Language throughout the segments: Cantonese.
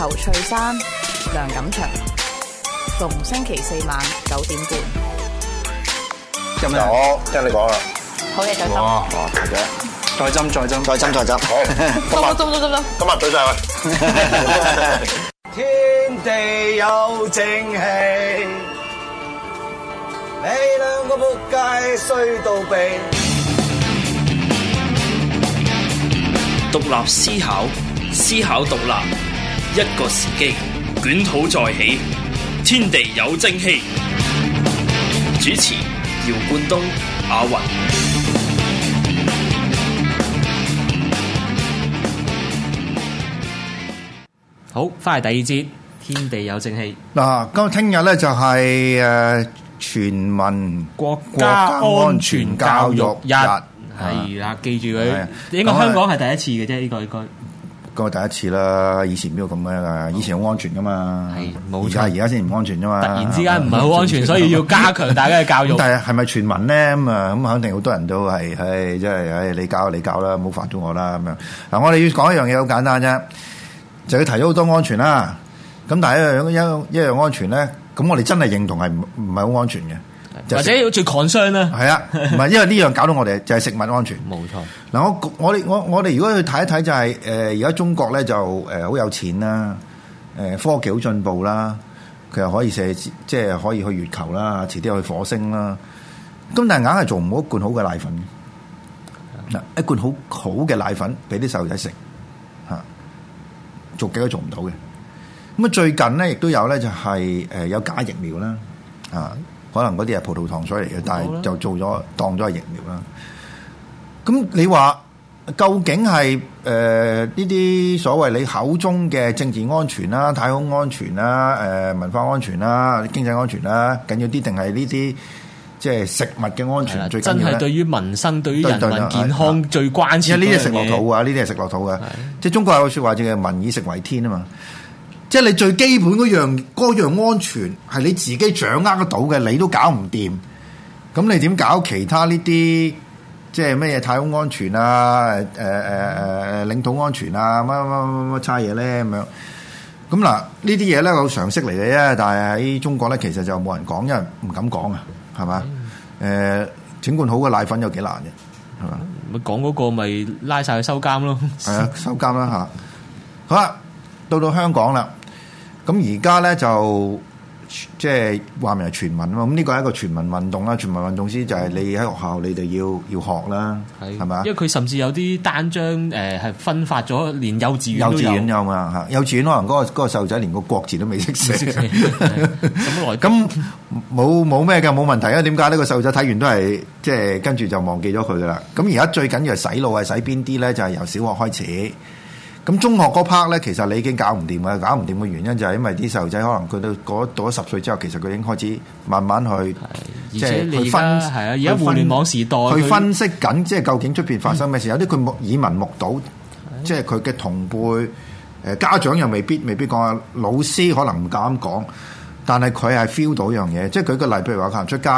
侯翠山、梁錦祥，逢星期四晚九點半。今日我聽你講啦。好嘢，再斟。哇！再斟、再斟進、再斟、再斟！好，今日，今日對晒啦。天地有正氣，你兩個仆街，衰到痹！獨立思考，思考獨立。一個時機，捲土再起，天地有正氣。主持：姚冠東、阿雲。好，翻嚟第二節，天地有正氣。嗱，今日聽日咧就係、是、誒、呃、全民國家安全教育日，係啦，記住佢，吧應該香港係第一次嘅啫，呢麼個應該。個第一次啦，以前邊度咁樣㗎？以前好安全噶嘛，冇錯，而家而家先唔安全啫嘛。突然之間唔係好安全，嗯、所以要加強大家嘅教育。 但係係咪傳聞咧？咁啊，咁肯定好多人都係，唉、哎，即、就、係、是哎、你教你教啦，唔好煩到我啦咁樣。嗱，我哋要講一樣嘢好簡單啫，就要提咗好多安全啦。咁但係一樣一,一樣安全咧，咁我哋真係認同係唔唔係好安全嘅。或者要最 concern 啦的，係啊，唔係因為呢樣搞到我哋就係、是、食物安全。冇錯錯，嗱我我哋我我哋如果去睇一睇就係誒而家中國咧，就誒好有錢啦，誒、呃、科技好進步啦，佢又可以射即係可以去月球啦，遲啲去火星啦。咁但係硬係做唔好一罐好嘅奶粉，嗱 一罐好好嘅奶粉俾啲細路仔食吓，做幾個做唔到嘅。咁啊最近咧亦都有咧就係、是、誒有假疫苗啦啊。可能嗰啲係葡萄糖水嚟嘅，但係就做咗當咗係疫苗啦。咁你話究竟係誒呢啲所謂你口中嘅政治安全啦、啊、太空安全啦、啊呃、文化安全啦、啊、經濟安全啦、啊，緊要啲定係呢啲即係食物嘅安全最緊要咧？真係對於民生、對於人民健康最關切。而呢啲食落肚啊，呢啲係食落肚嘅。了即係中國有句話叫民以食為天啊嘛。即係你最基本嗰樣樣安全係你自己掌握得到嘅，你都搞唔掂，咁你點搞其他呢啲即係乜嘢太空安全啊？誒誒誒誒領土安全啊？乜乜乜乜乜差嘢咧？咁樣咁，嗱，呢啲嘢咧個常識嚟嘅啫，但係喺中國咧，其實就冇人講，因為唔敢講啊，係嘛？誒、嗯呃，整罐好嘅奶粉有幾難嘅，係嘛？咪講嗰個咪拉晒去收監咯，係啊，收監啦吓。好啦、啊，到到香港啦。咁而家咧就即係話明係全民啊！咁呢個係一個全民運動啦，全民運動先就係你喺學校你哋要要學啦，係咪啊？吧因為佢甚至有啲單張誒係分發咗，連幼稚園都有啊！幼稚園可能嗰個嗰個細路仔連個國字都未識寫。咁冇冇咩嘅冇問題啊？點解呢個細路仔睇完都係即係跟住就忘記咗佢噶啦。咁而家最緊要係洗腦係洗邊啲咧？就係、是、由小學開始。咁中學嗰 part 咧，其實你已經搞唔掂嘅，搞唔掂嘅原因就係因為啲細路仔可能佢都過到咗十歲之後，其實佢已經開始慢慢去，即係去分，係啊，而家互聯網時代去分析緊，即係究竟出邊發生咩事，有啲佢目耳聞目睹，即係佢嘅同輩，誒家長又未必，未必講，老師可能唔夠膽講，但係佢係 feel 到一樣嘢，即係舉個例，譬如話行出街，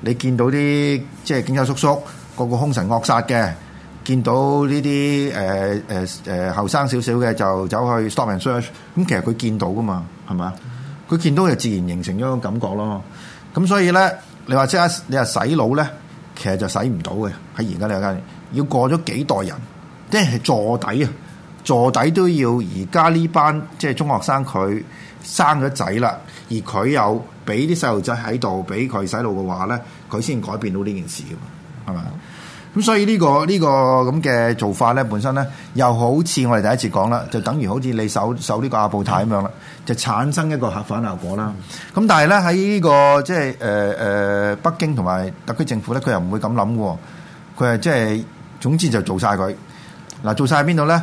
你見到啲即係警察叔叔個個凶神惡煞嘅。見到呢啲誒誒誒後生少少嘅就走去 stop and search，咁其實佢見到噶嘛，係咪啊？佢見到就自然形成咗個感覺咯。咁所以咧，你話即係你話洗腦咧，其實就洗唔到嘅。喺而家呢個階段，要過咗幾代人，即係坐底啊，坐底都要而家呢班即係中學生佢生咗仔啦，而佢有俾啲細路仔喺度俾佢洗腦嘅話咧，佢先改變到呢件事噶嘛，係咪啊？咁所以呢個呢個咁嘅做法咧，本身咧又好似我哋第一次講啦，就等於好似你守守呢個阿布泰咁樣啦，就產生一個反效果啦。咁、嗯、但係咧喺呢個即係誒誒北京同埋特區政府咧，佢又唔會咁諗喎，佢係即係總之就做晒佢嗱，做晒喺邊度咧？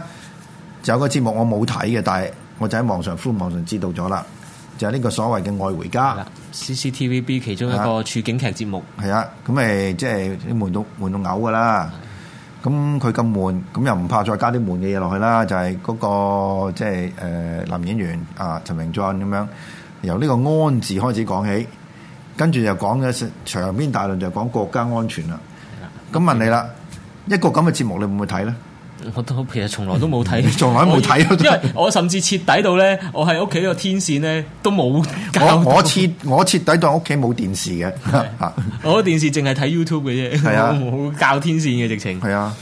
就有個節目我冇睇嘅，但係我就喺網上呼網上知道咗啦。就係呢個所謂嘅愛回家，CCTV B 其中一個處境劇節目，係啊，咁誒即係悶到悶到嘔噶啦，咁佢咁悶，咁又唔怕再加啲悶嘅嘢落去啦，就係、是、嗰、那個即係誒男演員啊陳明俊咁樣，由呢個安字開始講起，跟住就講嘅長篇大論就講國家安全啦，咁的問你啦，的一個咁嘅節目你會唔會睇咧？我都其實從來都冇睇，從來冇睇我因為我甚至徹底到咧，我喺屋企呢個天線咧都冇教。我我徹我徹底到屋企冇電視嘅，對 我電視淨係睇 YouTube 嘅啫，冇冇，啊、教天線嘅直情。係啊，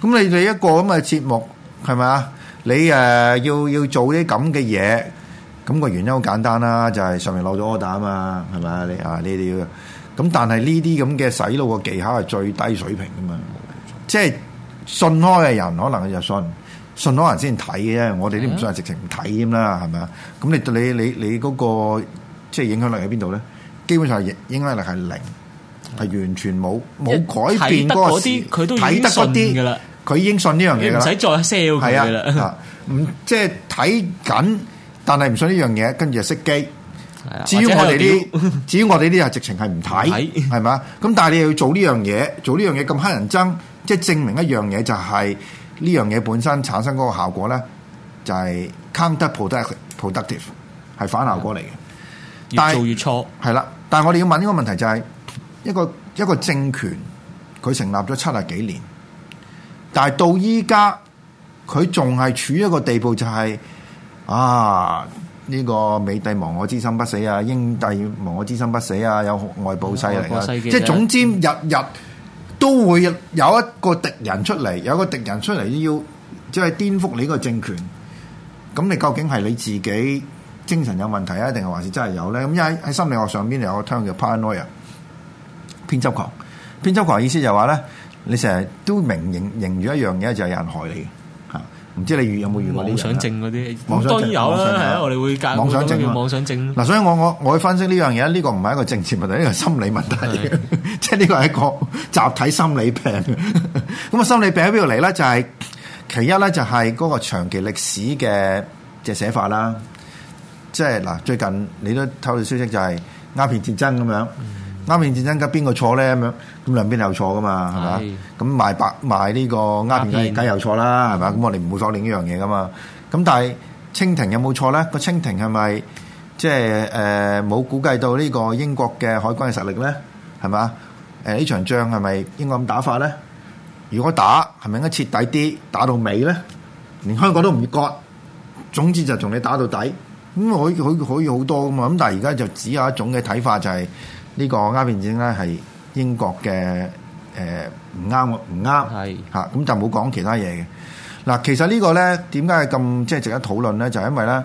咁你哋一個咁嘅節目係嘛？你誒、呃、要要做啲咁嘅嘢，咁，個原因好簡單啦，就係、係、上面落咗個 order 啊，係嘛？你啊，你哋咁，但係呢啲咁嘅洗腦嘅技巧係最低水平噶嘛，即係。信開嘅人可能佢就信，信開人先睇嘅啫。我哋啲唔信，係直情唔睇咁啦，係咪啊？咁你你你你嗰個即係影響力喺邊度咧？基本上係影響力係零，係完全冇冇改變嗰個事。睇得嗰啲佢都睇得嗰啲噶啦，佢已經信呢樣嘢，唔使再 sell 佢啦。唔即係睇緊，但係唔信呢樣嘢，跟住就熄機。係啊，至於我哋啲，至於我哋啲係直情係唔睇，係咪啊？咁但係你又要做呢樣嘢，做呢樣嘢咁乞人憎。即係證明一樣嘢，就係呢樣嘢本身產生嗰個效果咧，就係 counterproductive，係反效果嚟嘅。越做越錯，係啦。但係我哋要問呢個問題就係，一個一個政權，佢成立咗七十幾年，但係到依家佢仲係處於一個地步，就係啊呢個美帝亡我之心不死啊，英帝亡我之心不死啊，有外部勢力即係總之、嗯、日日。都會有一個敵人出嚟，有一個敵人出嚟要即係顛覆你個政權。咁你究竟係你自己精神有問題啊，定係還是真係有咧？咁因為喺心理學上邊有個聽叫 paranoia，偏執狂。偏執狂意思就話、是、咧，你成日都明認認住一樣嘢就係有人害你。唔知你有有遇有冇遇妄想症嗰啲？網上當然有啦，係啊，我哋會教佢妄想症。嗱，所以我我我去分析呢樣嘢，呢個唔係一個政治問題，呢個係心理問題，即係呢個係一個集體心理病。咁啊，心理病喺邊度嚟？咧就係、是、其一咧，就係嗰個長期歷史嘅嘅寫法啦。即係嗱，最近你都透到消息就係、是、鴉片戰爭咁樣。嗯鴉片戰爭咁邊個錯咧咁樣？咁兩邊有錯噶嘛，係咪？咁賣白賣呢個鴉片嘅梗有錯啦，係咪？咁我哋唔會否定呢樣嘢噶嘛。咁但係清廷有冇錯咧？個清廷係咪即係誒冇估計到呢個英國嘅海軍嘅實力咧？係咪？誒呢場仗係咪應該咁打法咧？如果打係咪應該徹底啲，打到尾咧，連香港都唔割，總之就同你打到底，咁可可可以好多噶嘛？咁但係而家就只有一種嘅睇法就係。呢個鴉片戰咧係英國嘅誒唔啱，唔啱，係嚇，咁就冇講其他嘢嘅。嗱，其實呢個咧點解咁即係值得討論咧？就係、因為咧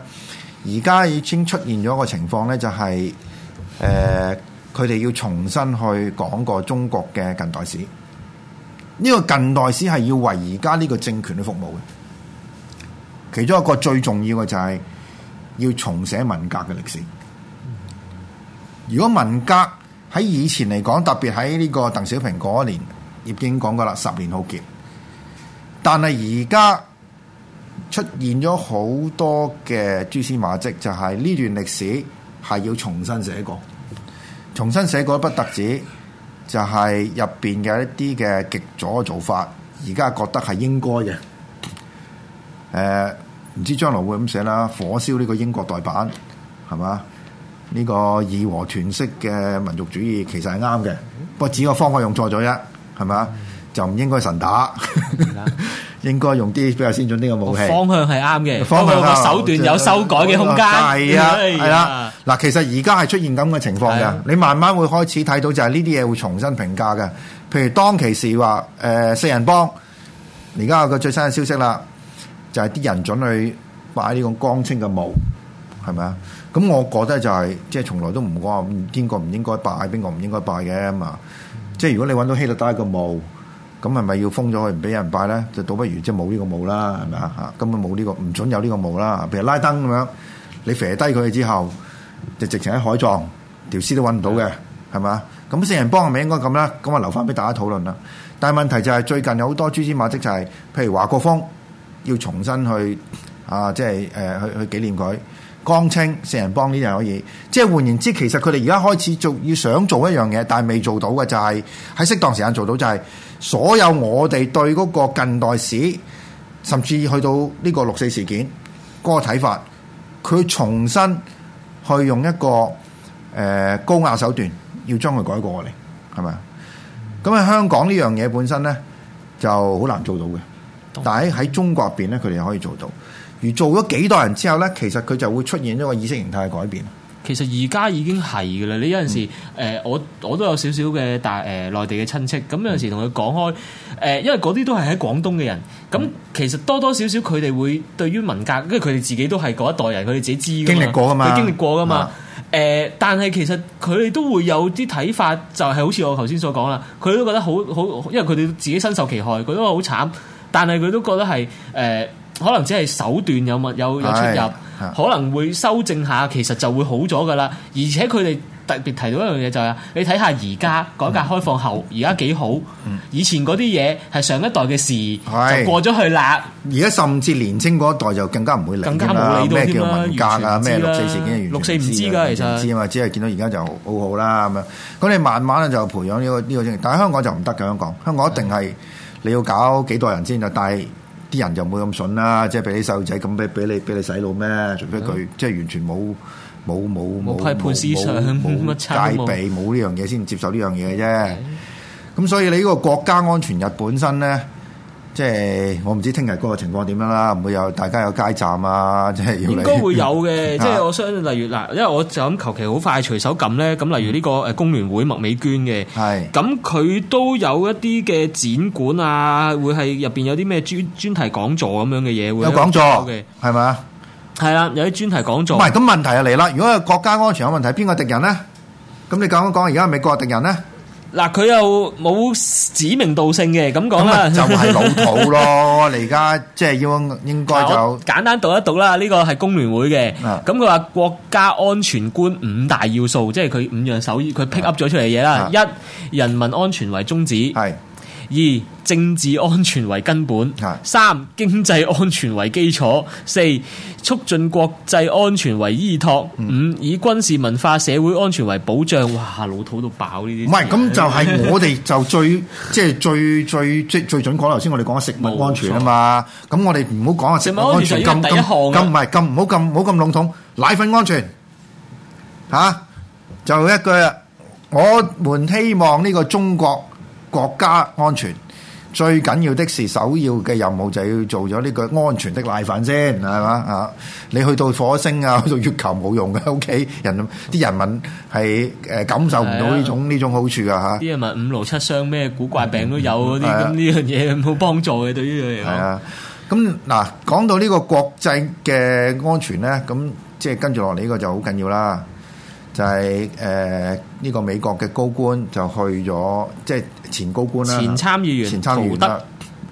而家已經出現咗一個情況咧、就係，就係誒佢哋要重新去講過中國嘅近代史。呢、呢個近代史係要為而家呢個政權去服務嘅。其中一個最重要嘅就係要重寫文革嘅歷史。如果文革，喺以前嚟講，特別喺呢個鄧小平嗰一年，已經講過啦，十年浩劫。但係而家出現咗好多嘅蛛絲馬跡，就係、是、呢段歷史係要重新寫過，重新寫嗰一筆特指，就係入邊嘅一啲嘅極左做法，而家覺得係應該嘅。誒、呃，唔知將來會咁寫啦，火燒呢個英國代辦，係嘛？呢個義和團式嘅民族主義其實係啱嘅，不過只個方法用錯咗啫，係咪啊？就唔應該神打，應該用啲比較先進啲嘅武器。方向係啱嘅，方向嘅手段有修改嘅空間。係啊，係啦。嗱，其實而家係出現咁嘅情況嘅，你慢慢會開始睇到就係呢啲嘢會重新評價嘅。譬如當其時話誒四人幫，而家有個最新嘅消息啦，就係啲人準去擺呢個江青嘅墓，係咪啊？咁我覺得就係、是，即係從來都唔講話邊個唔應該拜，邊個唔應該拜嘅咁啊！即係如果你搵到希特拉個墓，咁係咪要封咗佢唔俾人拜咧？就倒不如即係冇呢個墓啦，係咪啊？根本冇呢、這個，唔準有呢個墓啦。譬如拉登咁樣，你射低佢之後，就直情喺海葬，條屍都搵唔到嘅，係咪啊？咁四人幫咪應該咁啦？咁我留翻俾大家討論啦。但係問題就係、是、最近有好多蛛絲馬跡、就是，就係譬如華國鋒要重新去啊，即、就、係、是呃、去、呃、去紀念佢。江青、四人幫呢樣可以，即係換言之，其實佢哋而家開始仲要想做一樣嘢，但係未做到嘅就係喺適當時間做到，就係所有我哋對嗰個近代史，甚至去到呢個六四事件嗰個睇法，佢重新去用一個、呃、高壓手段，要將佢改過嚟，係咪？咁喺香港呢樣嘢本身咧就好難做到嘅，懂但係喺中國入邊咧，佢哋可以做到。而做咗幾代人之後呢，其實佢就會出現一個意識形態嘅改變。其實而家已經係嘅啦。你有陣時誒、嗯呃，我我都有少少嘅大誒、呃、內地嘅親戚。咁有陣時同佢講開誒、呃，因為嗰啲都係喺廣東嘅人。咁、嗯、其實多多少少佢哋會對於文革，因為佢哋自己都係嗰一代人，佢哋自己知經歷過噶嘛，佢經歷過噶嘛。誒、嗯呃，但係其實佢哋都會有啲睇法，就係、是、好似我頭先所講啦。佢都覺得好好，因為佢哋自己身受其害，佢都話好慘。但係佢都覺得係誒。呃嗯可能只係手段有冇有有出入，可能會修正下，其實就會好咗噶啦。而且佢哋特別提到一樣嘢就係，你睇下而家改革開放後，而家幾好。以前嗰啲嘢係上一代嘅事，就過咗去啦。而家甚至年青嗰一代就更加唔會理啦。更加冇理。咩叫文革啊？咩六四事件？六四唔知噶，其實唔知啊嘛，只係見到而家就好好啦咁樣。咁你慢慢就培養呢個呢個先。但係香港就唔得咁樣講，香港一定係你要搞幾代人先啊。但係啲人就唔會咁筍啦，即係俾啲細路仔咁俾俾你俾你，你洗腦咩？除非佢 Yeah. 即係完全冇冇冇冇批判思想，冇冇冇戒備，冇呢樣嘢先接受呢樣嘢啫。咁 Yeah. 所以你呢個國家安全日本身咧？即係我唔知聽日嗰個情況點樣啦，唔會有大家有街站啊，即係應該會有嘅。 即係我想例如嗱，因為我就咁求其好快隨手撳咧，咁例如呢個工聯會麥美娟嘅，咁佢是都有一啲嘅展館啊，會係入面有啲咩專專題講座咁樣嘅嘢會有講座嘅係嘛？係啊嗎，有啲專題講座。唔係咁問題就嚟啦，如果係國家安全有問題，邊個敵人呢？咁你講一講，而家係咪美國敵人呢？嗱，佢又冇指名道姓嘅，咁講啊，就係老土咯。你而家即係要應該就簡單讀一讀啦。呢個係工聯會嘅，咁佢話國家安全觀五大要素，即係佢五樣手，佢 pick up 咗出嚟嘅嘢啦。啊、一人民安全為宗旨係。二政治安全為根本，三經濟安全為基礎，四促進國際安全為依托，五以軍事文化社會安全為保障。哇，老土到爆呢啲！唔係咁就係我哋 就最即係最最最最準講。頭先我哋講食物安全啊嘛，咁我哋唔好講啊食物安全。咁咁咁唔係咁唔好咁唔好咁籠統。奶粉安全吓、啊、就一句我們希望呢個中國。國家安全最緊要的是首要嘅任務就係要做咗呢個安全的奶粉先係嘛啊！的你去到火星啊，去到月球冇用嘅。屋企人啲人民係誒感受唔到呢種呢的種好處嘅嚇。啲人咪五勞七傷咩古怪病都有嗰啲，咁呢的樣嘢冇幫助嘅對於佢嚟講。係啊，咁嗱講到呢個國際嘅安全咧，咁即係跟住落嚟呢個就好緊要啦。就係誒呢個美國嘅高官就去咗，即係前高官啦，前參議員，前參議員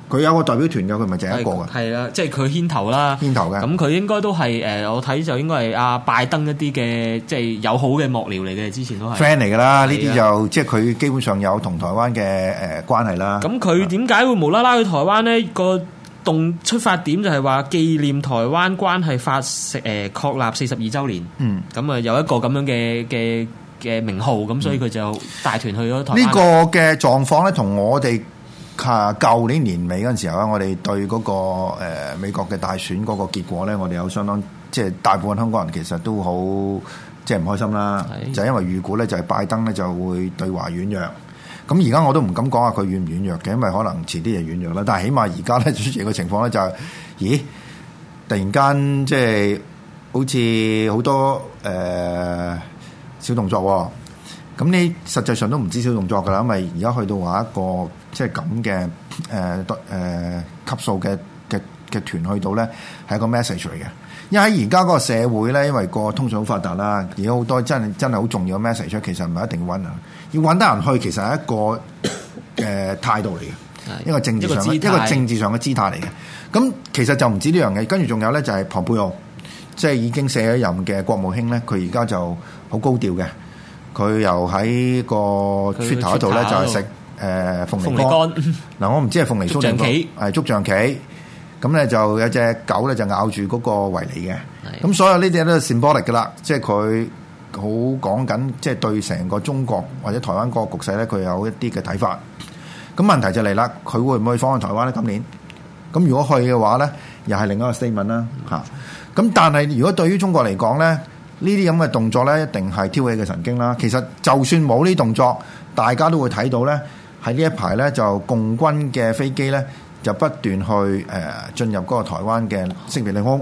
佢德有個代表團㗎，佢咪淨係一個㗎。係啦，即係佢牽頭啦。牽頭嘅。咁佢應該都係誒，我睇就應該係阿拜登一啲嘅即係友好嘅幕僚嚟嘅，之前都係 friend 嚟㗎啦。呢啲的就是的 即係佢基本上有同台灣嘅誒關係啦。咁佢點解會無啦啦去台灣呢？這個動出發點就係話紀念台灣關係法食誒確立四十二周年，咁啊有一個咁樣嘅嘅嘅名號，咁所以佢就大團去咗台灣。呢個嘅狀況咧，同我哋啊舊年年尾嗰陣時候咧，我哋對嗰個誒美國嘅大選嗰個結果咧，我哋有相當即係大部分香港人其實都好即係唔開心啦，就因為預估咧就係拜登咧就會對華軟弱。咁而家我都唔敢講啊，佢軟唔軟弱嘅，因為可能遲啲就軟弱啦。但係起碼而家咧出現嘅情況咧就係，咦？突然間即係好似好多誒小動作喎。咁你實際上都唔知小動作噶啦，因為而家去到話一個即係咁嘅誒誒級數嘅嘅嘅團去到咧係一個 message 嚟嘅，因為喺而家嗰個社會咧，因為個通訊好發達啦，而家好多真係真係好重要嘅 message，其實唔係一定搵啊，要搵得人去其實係一個誒、 呃、態度嚟嘅，是一個政治上一個，一個政治上嘅姿態嚟嘅。咁其實就唔止呢樣嘢，跟住仲有咧就係彭佩奧，即、就、係、是、已經卸咗任嘅國務卿咧，佢而家就好高調嘅，佢又喺個 Twitter 嗰度咧就係食誒鳳梨乾嗱、嗯，我唔知係鳳梨酥定係竹象棋。哎咁咧就有隻狗咧就咬住嗰個維尼嘅，咁是的 所有呢啲咧都係 symbolic 嘅啦，即係佢好講緊，即係對成個中國或者台灣嗰個局勢咧，佢有一啲嘅睇法。咁問題就嚟啦，佢會唔會訪問台灣咧？今年咁如果去嘅話咧，又係另一個 statement 啦。咁但係如果對於中國嚟講咧，呢啲咁嘅動作咧，一定係挑起嘅神經啦。其實就算冇呢啲動作，大家都會睇到咧，喺呢一排咧就共軍嘅飛機咧。就不斷去誒、呃、進入嗰個台灣嘅識別領空，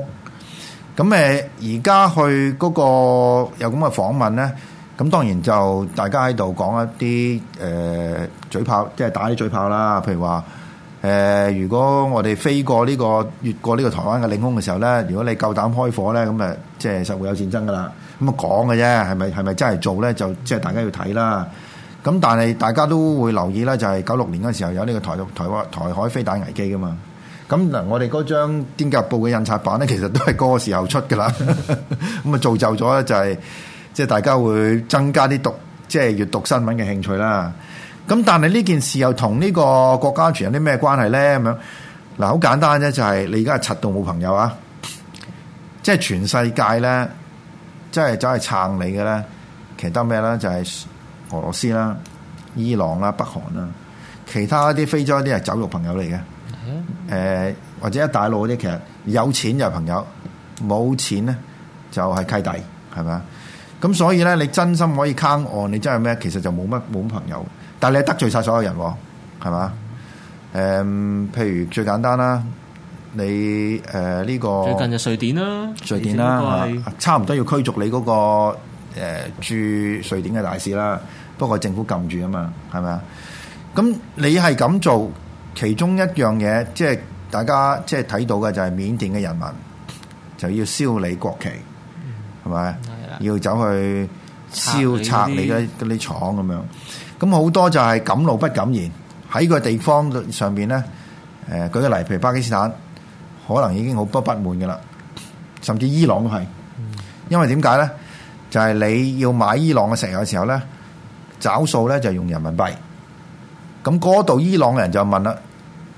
咁誒而家去嗰、嗰個有咁嘅訪問咧，咁當然就大家喺度講一啲誒、呃、嘴炮，即係打啲嘴炮啦。譬如話誒、呃，如果我哋飛過呢、呢個越過呢個台灣嘅領空嘅時候咧，如果你夠膽開火咧，咁誒即係實會有戰爭噶啦。咁講嘅啫，係咪係咪真係做咧？就即係大家要睇啦。咁但係大家都會留意啦，就係九六年嘅時候有呢個台台台海飛彈危機噶嘛。咁嗱，我哋嗰張《癲狗報》嘅印刷版咧，其實都係嗰個時候出噶啦、 就是。咁啊，造就咗咧就係即係大家會增加啲讀即係、就是、閱讀新聞嘅興趣啦。咁但係呢件事又同呢個國家安全有啲咩關係咧？咁嗱，好簡單啫，就係你而家係柒到冇朋友啊！即、就、係、是、全世界咧，即、就、係、是、走去撐你嘅咧，其實得咩咧？就係、是。俄羅斯啦、伊朗啦、北韓啦，其他啲非洲啲係酒肉朋友嚟嘅，誒的、呃、或者一大陸啲，其實有錢就係朋友，冇錢咧就係契弟，係咪啊？咁所以咧，你真心可以坑我，你真係咩？其實就冇乜冇朋友，但係你得罪晒所有人，係嘛？誒、呃，譬如最簡單啦，你誒呢、呃這個最近就瑞典啦，瑞典啦最近差唔多要驅逐你嗰、那個誒、呃、駐瑞典嘅大使啦。不過政府禁住啊嘛，係咪啊？咁你係咁做，其中一樣嘢即係大家即係睇到嘅就係緬甸嘅人民就要燒你國旗，係咪？要走去燒拆、拆你嘅啲廠咁樣。咁好多就係敢怒不敢言喺個地方上邊咧。誒、呃，舉個例，譬如巴基斯坦可能已經好不不滿嘅啦，甚至伊朗都係，嗯、因為點解咧？就係、是、你要買伊朗嘅石油嘅時候咧。找數咧，就用人民幣，咁嗰度伊朗人就問啦：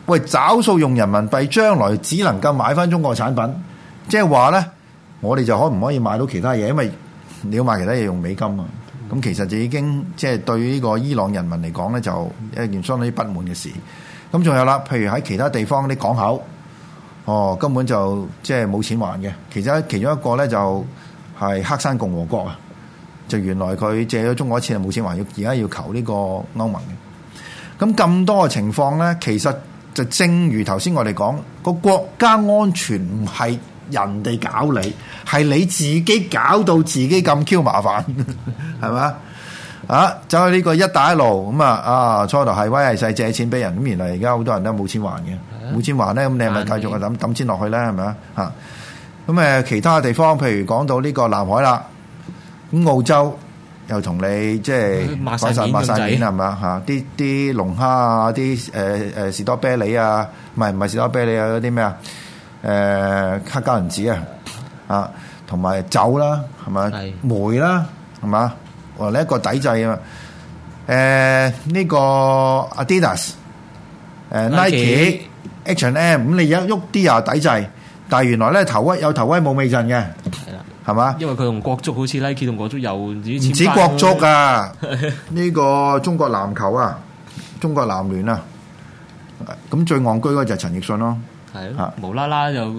喂，找數用人民幣，將來只能夠買翻中國產品，即係話咧，我哋就可唔可以買到其他嘢？因為你要買其他嘢用美金啊。咁其實就已經即係對呢個伊朗人民嚟講咧，就一件相當於不滿嘅事。咁仲有啦，譬如喺其他地方啲港口，哦，根本就即係冇錢還嘅。其實其中一個咧就係黑山共和國啊。就原來佢借咗中國一次，係冇錢還，要而家要求呢個歐盟嘅。咁咁多嘅情況咧，其實就正如頭先我哋講，個國家安全唔係人哋搞你，係你自己搞到自己咁 Q 麻煩，係咪？ 啊，走去呢個一帶一路咁啊，啊初頭係威勢借錢俾人，咁原來而家好多人都冇錢還嘅，冇、啊、錢還咧，咁你係咪繼續係諗抌錢落去咧？係咪啊？咁誒其他地方，譬如講到呢個南海啦。咁澳洲又同你即係抹曬面啊，係咪啊？嚇！啲啲龍蝦啊，啲誒誒士多啤梨啊，唔係唔係士多啤梨啊，嗰啲咩啊？誒黑膠銀紙啊，啊同埋酒啦，係咪？煤啦，係咪啊？哦，呢一個抵制啊嘛！誒呢個 Adidas，誒 Nike，H&M，咁你一喐啲又抵制，但係原來咧頭威有頭威冇尾陣嘅。係嘛？是因為佢同國足好似 Nike 同國足又唔止國足啊！呢 個中國籃球啊，中國籃聯啊，咁最戇居嗰就陳奕迅咯、啊，係無啦啦又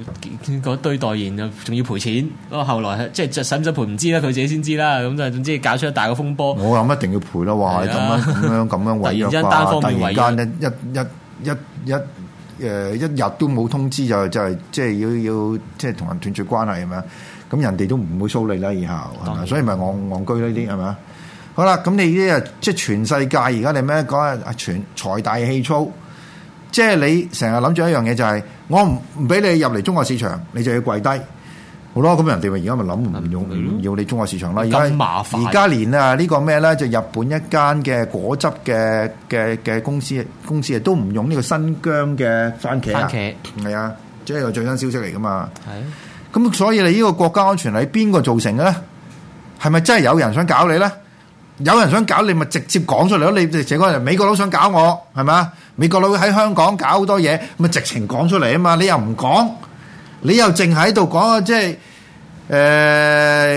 嗰堆代言又仲要賠錢，不過後來即係就使唔使賠唔知啦，佢自己先知啦。咁就總之搞出了一大個風波。我諗一定要賠咯，哇！咁樣咁的樣咁樣違約啊！突然間一一一一誒，一日都冇通知就就是、即係要要即係同人斷絕關係咁樣。咁人哋都唔會收你啦，以後，所以咪戇戇居呢啲係咪啊？好啦，咁你呢家即係全世界而家你咩？講阿全財大氣粗，即係你成日諗住一樣嘢就係我唔唔俾你入嚟中國市場，你就要跪低。好咯，咁人哋咪而家咪諗唔用唔要你中國市場啦。而家而家連啊呢個咩咧？就日本一間嘅果汁嘅嘅嘅公司公司啊，都唔用呢個新疆嘅番茄。番茄係啊，即係個最新消息嚟噶嘛。係。咁所以你呢個國家安全係邊個造成嘅咧？係咪真係有人想搞你咧？有人想搞你，咪直接講出嚟咯！你哋成日講人美國佬想搞我，係嘛？美國佬喺香港搞好多嘢，咪直情講出嚟啊嘛！你又唔講，你又淨喺度講啊！即係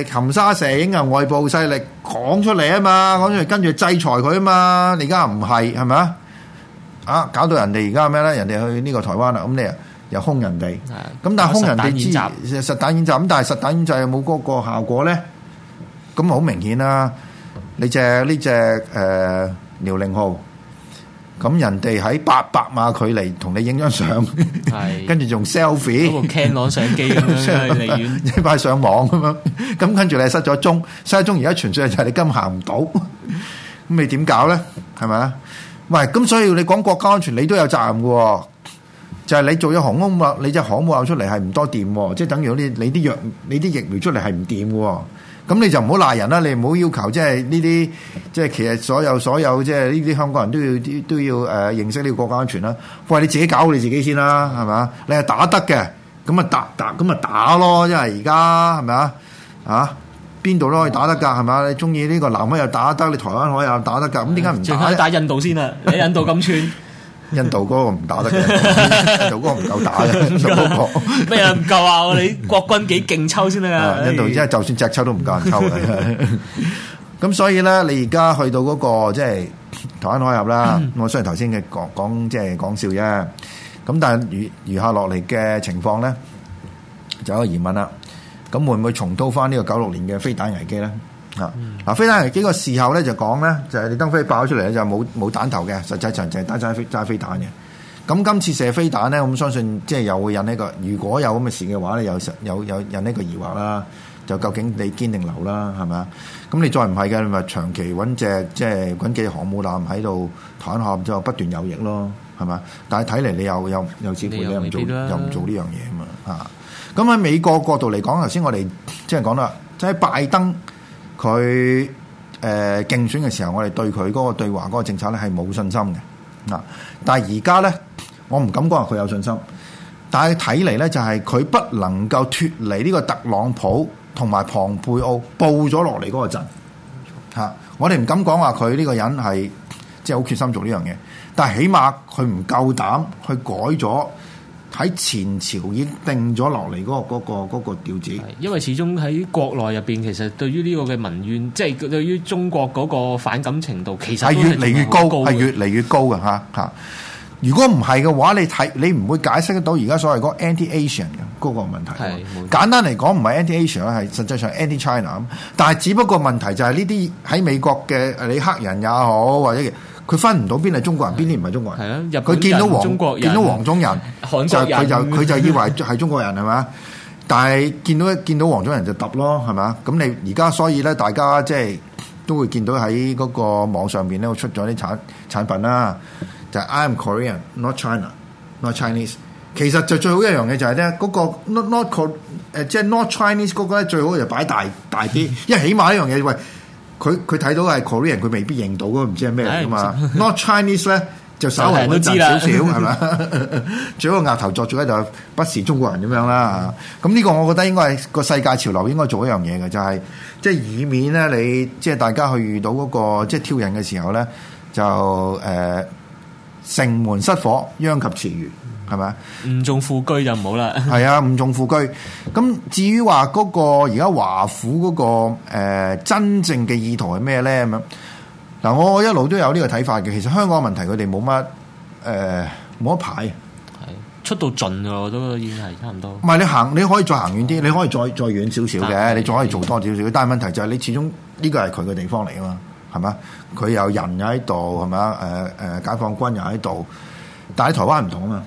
誒含沙射影啊！外部勢力講出嚟啊嘛，講出嚟跟住制裁佢啊嘛！你而家唔係係咪啊？啊！搞到人哋而家咩咧？人哋去呢個台灣啦，咁你啊～又兇人哋，咁但係兇人哋之實彈演習，咁但係實彈演習有冇嗰個效果咧？咁咪好明顯啦！你隻呢隻誒遼寧號，咁人哋喺八百碼距離同你影張相，跟住用 selfie 嗰個 canon 相機咁樣離遠一擺上網咁樣，咁跟住你失咗蹤，失咗蹤而家傳説就係你今行唔到，咁你點搞咧？係咪啊？喂，咁所以你講國家安全，你都有責任嘅喎。就係你做咗航空啊，你隻航母拗出嚟係唔多掂喎，即係等於你你啲藥、你啲疫苗出嚟係唔掂嘅，咁你就唔好賴人啦，你唔好要，要求即係呢啲，即係其實所有所有即係呢啲香港人都要都要誒認識呢個國家安全啦。喂，你自己搞好你自己先啦，啊，係咪？你係打得嘅，咁啊打打，咁啊打咯，因為而家係咪啊？啊，邊度都可以打得㗎，係咪啊？你中意呢個南海又打得，你台灣海又打得㗎，咁點解唔打咧？最好打印度先啦，你印度咁串。印度嗰個唔打得嘅，嗰個唔夠打嘅，嗰 個咩啊唔夠啊！我哋國軍幾勁抽先得啊！ 你 印度即係就算隻抽都唔夠人抽咁 所以咧，你而家去到嗰、嗰個即係台灣開合啦。 我雖然頭先嘅講講即係講笑啫。咁但係餘下落嚟嘅情況咧，就有個疑問啦。咁會唔會重蹈翻呢個九六年嘅飛彈危機咧？啊！嗱、嗯，飛彈幾個時候咧就講咧，就係、你、登飛爆出嚟咧就冇冇彈頭嘅，實際上就係帶曬飛帶飛彈嘅。咁今次射飛彈咧，我、嗯、咁相信即係又會引呢個如果有咁嘅事嘅話咧，又有有、有引呢個疑惑啦。就究竟你堅定留啦，係咪啊？咁你再唔係嘅，你咪長期揾隻即係揾幾隻航母艦喺度坦克之後不斷有翼咯，係咪？但係睇嚟你又又又似乎你唔做你又唔做呢樣嘢啊嘛！啊！咁喺美國角度嚟講，頭先我哋即係講啦，即、就、係、是、拜登。佢誒、呃、競選嘅時候，我哋對佢嗰個對華嗰個政策咧係冇信心嘅嗱，但係而家咧，我唔敢講話佢有信心，但係睇嚟咧就係佢不能夠脱離呢個特朗普同埋龐佩奧佈咗落嚟嗰個陣沒錯、啊、我哋唔敢講話佢呢個人係即係好決心做呢樣嘢，但係起碼佢唔夠膽去改咗。喺前朝已經定咗落嚟嗰個嗰、那個嗰調、那個、子，因為始終喺國內入面，其實對於呢個嘅民怨，即係對於中國嗰個反感程度，其實係越嚟越高，係越嚟越高嘅，如果唔係嘅話，你睇你唔會解釋得到而家所謂嗰 anti Asian 嘅嗰個問題。簡單嚟講，唔係 anti Asian 係係實際上 anti China。Ch ina，但係只不過問題就係呢啲喺美國嘅你黑人也好，或者。佢分唔到邊係中國人，邊啲唔係中國人。佢見到黃，見到黃種人，就佢就佢就以為係中國人係嘛？但係見到見到黃種人就揼咯係嘛？咁你而家所以咧，大家即係都會見到喺嗰個網上面咧，出咗啲產產品啦，就係 I am Korean, not China, not Chinese。其實就最好一樣嘢就係咧，嗰個 not not 誒，即係 not Chinese 嗰個咧最好就擺大大啲， 因為起碼一樣嘢喂。佢佢睇到係 Korean 佢未必認到咯，唔知係咩嚟噶嘛？Not Chinese 咧就稍微一陣少少係啦，最好額頭作住喺度，不是中國人咁樣啦。咁呢個我覺得應該係個世界潮流應該做一樣嘢嘅，就係即係以免咧你即係大家去遇到嗰個即係挑釁嘅時候咧，就誒、呃、城門失火殃及池魚。係咪 啊？唔重富居就唔好啦。係啊，唔重富居。咁至於話嗰個而家華府嗰、嗰個、呃、真正嘅意圖係咩咧？咁、嗯、嗱，我一路都有呢個睇法嘅。其實香港問題佢哋冇乜誒冇乜牌，出到盡啊我都已經係差唔多。唔係你行，你可以再行遠啲，嗯、你可以再再遠少少嘅，是你再可以做多少少。的但係問題就係你始終呢個係佢嘅地方嚟啊嘛，係咪啊？佢有人喺度，係咪、呃、解放軍又喺度，但係台灣唔同啊嘛。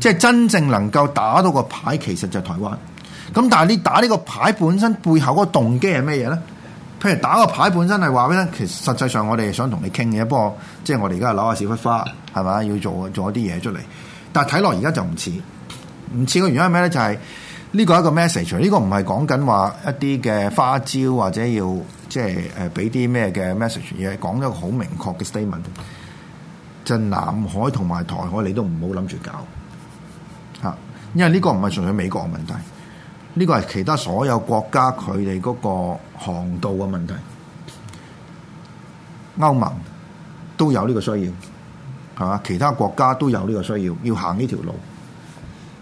即係真正能夠打到個牌，其實就係台灣。咁但係你打呢個牌本身背後嗰個動機係咩嘢咧？譬如打個牌本身係話咩咧？其實實際上我哋想同你傾嘅，不過即係我哋而家攞下屎忽花係咪，要做做一啲嘢出嚟。但係睇落而家就唔似，唔似嘅原因係咩咧？就係、係、呢個係一個 message。呢、呢個唔係講緊話一啲嘅花招或者要即係誒俾啲咩嘅 message，而係講一個好明確嘅 statement，就南海同埋台海你都唔好諗住搞。因為呢個唔係純粹美國嘅問題，呢個係其他所有國家佢哋嗰個航道嘅問題。歐盟都有呢個需要，係嘛？其他國家都有呢個需要，要行呢條路。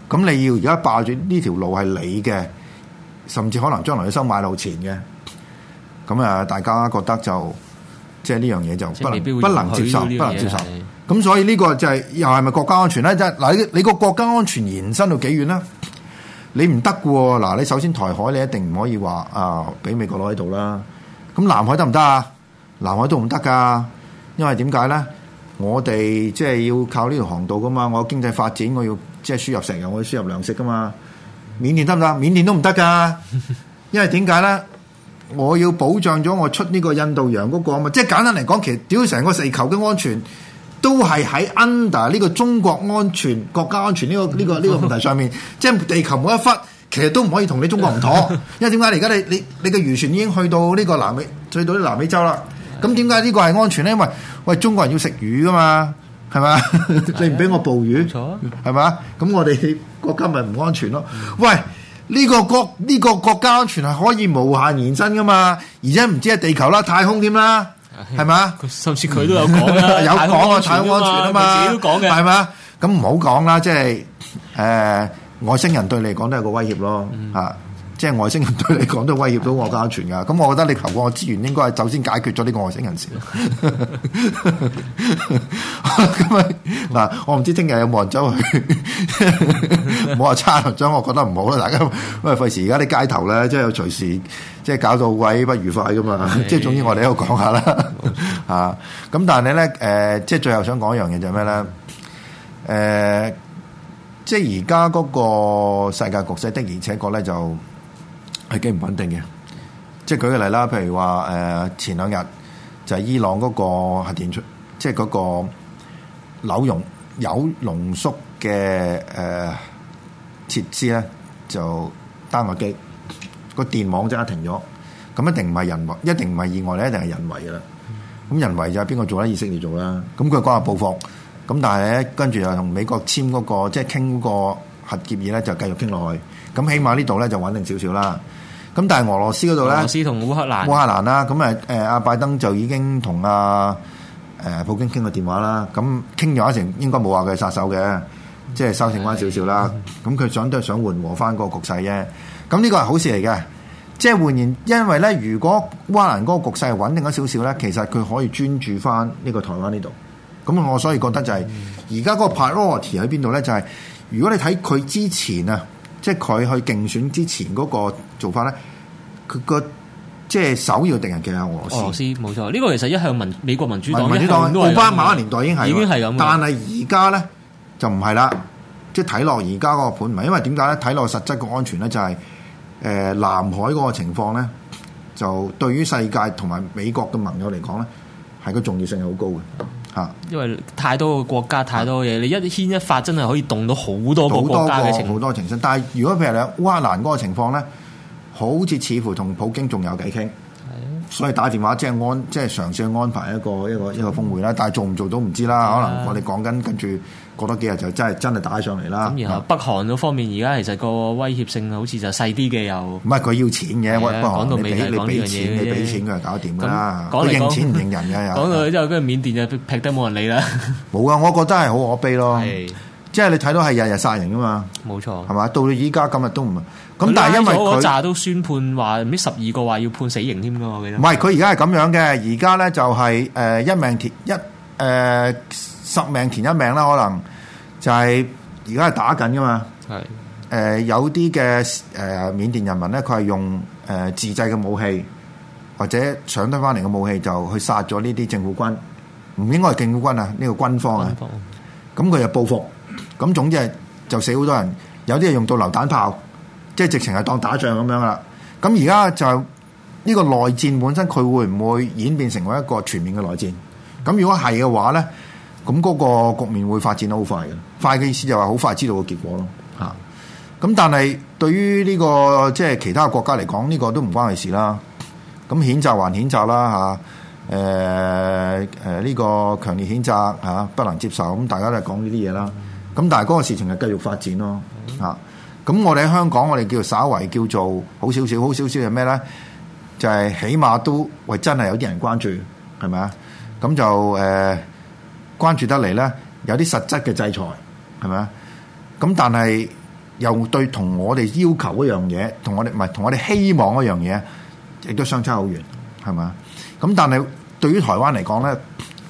咁你要而家霸住呢條路係你嘅，甚至可能將來要收買路錢嘅。咁啊，大家覺得就即係呢樣嘢就不能不能接受，不能接受。咁所以呢個就係、是、又係咪國家安全咧？即係嗱，你個國家安全延伸到幾遠咧？你唔得嘅喎，嗱，你首先台海你一定唔可以話啊，俾、哦、美國攞喺度啦。咁南海得唔得啊？南海都唔得噶，因為點解咧？我哋即係要靠呢條航道噶嘛，我經濟發展我要即係輸入石油，我要輸入糧食噶嘛。緬甸得唔得？緬甸都唔得噶，因為點解咧？我要保障咗我出呢個印度洋嗰個啊嘛，即係簡單嚟講，其實屌成個地球嘅安全。都係喺 under 呢個中國安全、國家安全呢、這個呢、這個呢、這個問題上面， 即係地球冇一忽，其實都唔可以同你中國唔妥，因為點解你而家你你你嘅漁船已經去到呢個南美，去到南美洲啦。咁點解呢個係安全呢？因為喂中國人要食魚噶嘛，係咪？ 你唔俾我捕魚，係嘛？ 咁我哋國家咪唔安全咯？ 喂，呢、這個國呢、這個國家安全係可以無限延伸噶嘛？而且唔知係地球啦、太空點啦。係咪？是甚至佢都有講啦， 有講啊，太空安全啊嘛，自己都講嘅，係咪？咁唔好講啦，即係誒外星人對你嚟講都係個威脅咯，吓即係外星人對你講都威脅到國家安全㗎，咁我覺得你求過我資源應該係首先解決咗呢個外星人士 晚。咁啊嗱，我唔知聽日有冇人走去冇話差人將，我覺得唔好啦，大家喂費事而家啲街頭咧，即係隨時即係搞到位，不愉快㗎嘛，即係 總之我哋喺度講下啦嚇。咁 但係咧誒，即係最後想講一樣嘢就係咩咧？誒、呃，即係而家嗰個世界局勢的而且確咧就。係幾唔穩定嘅，即係舉個例啦，譬如話、呃、前兩日就係、是、伊朗嗰個核電出，即係嗰個扭容鈾濃縮嘅誒、呃、設施咧，就單核機個電網即刻停咗，咁一定唔係人為，一定唔係意外咧，一定係人為嘅啦。咁人為就係邊個做咧？以色列做啦。咁佢講下報復，咁但係咧跟住又同美國簽嗰、那個即係傾個核協議咧，就繼續傾落去。咁起碼這裡呢度咧就穩定少少啦。咁但係俄羅斯嗰度咧，俄羅斯同烏克蘭、烏克蘭啦，咁誒誒阿拜登就已經同阿誒普京傾過電話啦，咁傾咗一陣，應該冇話佢係殺手嘅，即係收成翻少少啦。咁佢想都係想緩和翻嗰個局勢啫。咁呢個係好事嚟嘅，即係換言，因為咧，如果烏克蘭嗰個局勢係穩定咗少少咧，其實佢可以專注翻呢個台灣呢度。咁我所以覺得就係、是，而家嗰個 priority 喺邊度咧？就係、是、如果你睇佢之前啊。即係佢去競選之前嗰個做法咧，佢個即係首要敵人嘅係俄羅斯。俄羅斯冇錯，呢個其實一向民美國民主黨、民主黨，奧巴馬年代已經係已經係咁。但係而家咧就唔係啦，即係睇落而家嗰個盤唔係，因為點解咧？睇落實質個安全咧就係、是、誒、呃、南海嗰個情況咧，就對於世界同埋美國嘅盟友嚟講咧，係個重要性係好高嘅。嚇！因為太多個國家太多嘢，是的 你一牽一發真係可以動到好多國家嘅情好多個好多情勢。但係如果譬如話烏克蘭嗰個情況咧，好似似乎同普京仲有偈傾。所以打電話即係安，即係嘗試去安排一個一個一個峰會啦。但係做唔做都唔知啦。可能我哋講緊跟住過多幾日就真係真係打上嚟啦。咁然後北韓嗰方面而家其實個威脅性好似就細啲嘅又。唔係佢要錢嘅，講到尾你俾你俾錢，你俾錢佢就搞掂㗎啦。佢認錢唔認人嘅。又。講到佢之後，跟住緬甸就劈得冇人理啦。冇啊！我覺得係好可悲咯。即係你睇到係日日殺人噶嘛？冇錯錯，係嘛？到到依家今日都唔係咁，但係因為佢，都宣判話唔知十二個話要判死刑添噶喎，我記得。唔係，佢而家係咁樣嘅，而家咧就係、是、誒一命填一誒、呃、十命填一命啦，可能就係而家係打緊噶嘛。係誒是、呃、有啲嘅誒緬甸人民咧，佢係用誒、呃、自製嘅武器或者搶得翻嚟嘅武器，就去殺咗呢啲政府軍。唔應該係政府軍啊，呢、這個軍方啊，咁佢方就報復。咁總之係就死好多人，有啲係用到榴彈炮，即係直情係當打仗咁樣嘅啦。咁而家就呢個內戰本身，佢會唔會演變成為一個全面嘅內戰？咁如果係嘅話咧，咁嗰個局面會發展得好快嘅。快嘅意思就係好快知道個結果咯。嚇、啊！咁但係對於呢、這個即係其他國家嚟講，呢、這個都唔關佢事啦。咁譴責還譴責啦呢、啊呃呃這個強烈譴責、啊、不能接受。咁大家都係講呢啲嘢啦。咁但係嗰個事情係繼續發展咯，嗯、啊！咁我哋喺香港，我哋叫稍為叫做好少少，好少少係咩咧？就係、是、起碼都係真係有啲人關注，係咪啊？咁就誒、呃、關注得嚟咧，有啲實質嘅制裁，係咪啊？咁但係又對同我哋要求嗰樣嘢，同我哋唔係同我哋希望嗰樣嘢，亦都相差好遠，係咪啊？咁但係對於台灣嚟講咧，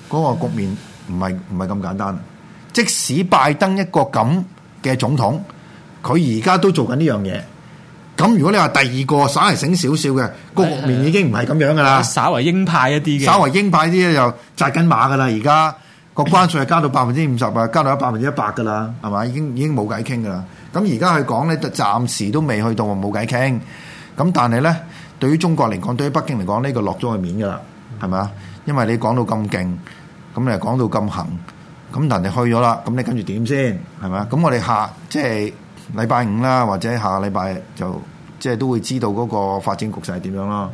嗰、嗰個局面唔係唔係咁簡單。即使拜登一個咁嘅總統，佢而家都在做緊呢樣嘢。咁如果你話第二個稍為醒少少嘅，個局面已經唔係咁樣噶啦，稍為鷹派一啲嘅，稍為鷹派啲咧就扎緊馬噶啦。而家個關稅係加到百分之五十啊， 加到百分之一百噶啦，係咪？已經已經冇計傾噶啦。咁而家去講咧，暫時都未去到冇計傾。咁但係咧，對於中國嚟講，對於北京嚟講，呢個落咗個面噶啦，係咪？因為你講到咁勁，咁你又講到咁狠。咁人哋去咗啦，咁你跟住點先？係咪？咁我哋下即係禮拜五啦，或者下禮拜就即係都會知道嗰個發展局勢係點樣咯。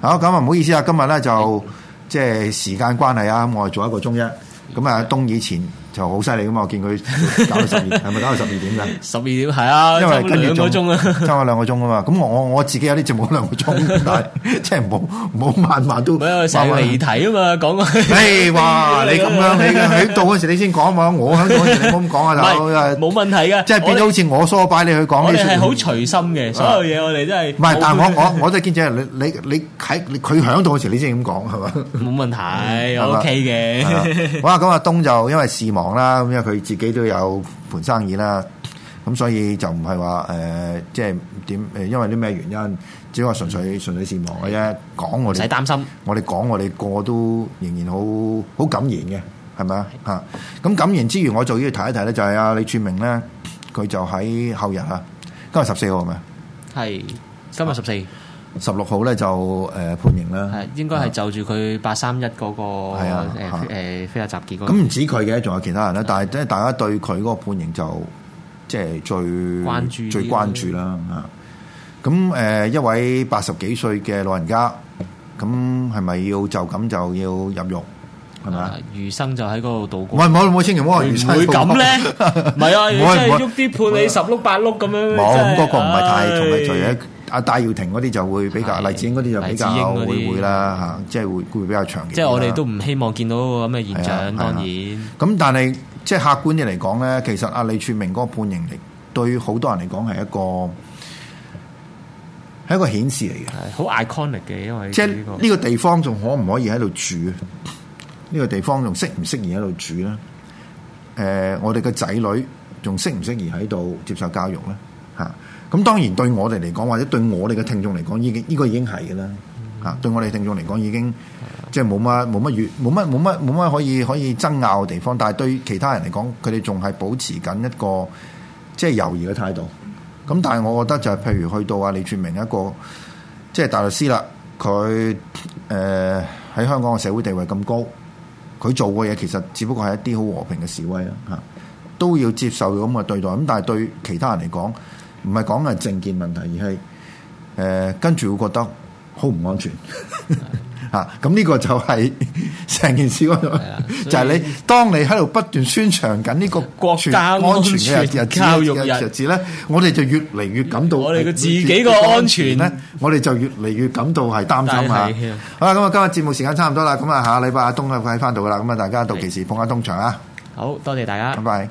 好，咁啊唔好意思啊，今日咧就即係、就是、時間關係啊，我哋做一個鐘一咁啊，冬以前。就好犀利噶嘛！我見佢搞到十二，係咪搞到十二點㗎？十二點係啊，因為跟住個鐘差咗兩個鐘啊嘛！咁我我我自己有啲節目兩個鐘，但係即係冇冇萬萬都。唔係成個議題啊嘛，講個。誒，哇！你咁樣你嘅喺到嗰時你先講啊嘛，我響嗰時你咁講啊就。唔係，冇問題嘅。即係變到好似我唆擺你去講。我哋係好隨心嘅，所有嘢我哋真係。唔係，但係我我我都係堅持，你你你喺佢響到嗰時你先咁講係嘛？冇問題，我 OK 嘅。好啦！咁阿東就因為事忙。講啦，咁因為佢自己都有盤生意啦，咁所以就唔係話誒，即係點誒，因為啲咩原因，只不過純粹純粹事忙嘅啫，講我哋唔使擔心，我哋講我哋過都仍然好好感言嘅，係咪啊吓？咁的感言之餘，我仲要提一提咧，就係阿李柱銘咧，佢就喺後日啊，今日十四號係咪啊？係今日十四。十六號咧就誒判刑啦，係應該係就住佢八三一嗰個誒誒非法集結嗰個。咁唔止佢嘅，仲有其他人啦。但係即係大家對佢嗰個判刑就即係最關注、最關注啦。咁誒一位八十幾歲嘅老人家，咁係咪要就咁就要入獄？係咪啊？餘生就喺嗰度度過。唔係唔係，冇清刑喎，唔會咁咧。唔係啊，你真係喐啲判你十六、八碌咁樣。冇咁嗰個唔係太重罪罪嘅。阿戴耀廷嗰啲就會比較，黎智的英嗰啲就比較會會啦嚇，即係會會比較長的。即係我哋都唔希望見到嗰個咁嘅現象，的當然。咁但係即係客觀啲嚟講咧，其實阿李柱銘嗰個判刑嚟，對好多人嚟講係一個係一個顯示嚟嘅，好 iconic 嘅，因為即係呢個地方仲可唔可以喺度住？呢 個地方仲適唔適宜喺度住咧？誒、呃，我哋嘅仔女仲適唔適宜喺度接受教育咧？嚇！咁當然對我哋嚟講，或者對我哋嘅聽眾嚟講，已經呢個已經係嘅啦。嚇！對我哋聽眾嚟講，已經即係冇乜冇乜冇乜冇乜可以可以爭拗嘅地方。但係對其他人嚟講，佢哋仲係保持緊一個即係猶豫嘅態度。咁但係我覺得就係、是、譬如去到啊李柱銘一個即係、就是、大律師啦，佢誒喺香港嘅社會地位咁高，佢做嘅嘢其實只不過係一啲好和平嘅示威啦。嚇，都要接受咁嘅對待。咁但係對其他人嚟講，唔係講係政見問題而，而係誒跟住會覺得好唔安全嚇。咁呢的、 啊、個就係成件事嗰度，是就係你當你喺度不斷宣傳緊呢個以國家安全嘅日子、教育日子咧，日日我哋就越嚟越感到我哋自己個安全咧，我哋就越嚟越感到係擔心嚇。好啦，咁啊，今日節目時間差唔多啦，咁啊，下個禮拜阿東啊會喺翻度噶啦，咁啊，大家到期時碰下東場啊，好多謝大家，拜拜。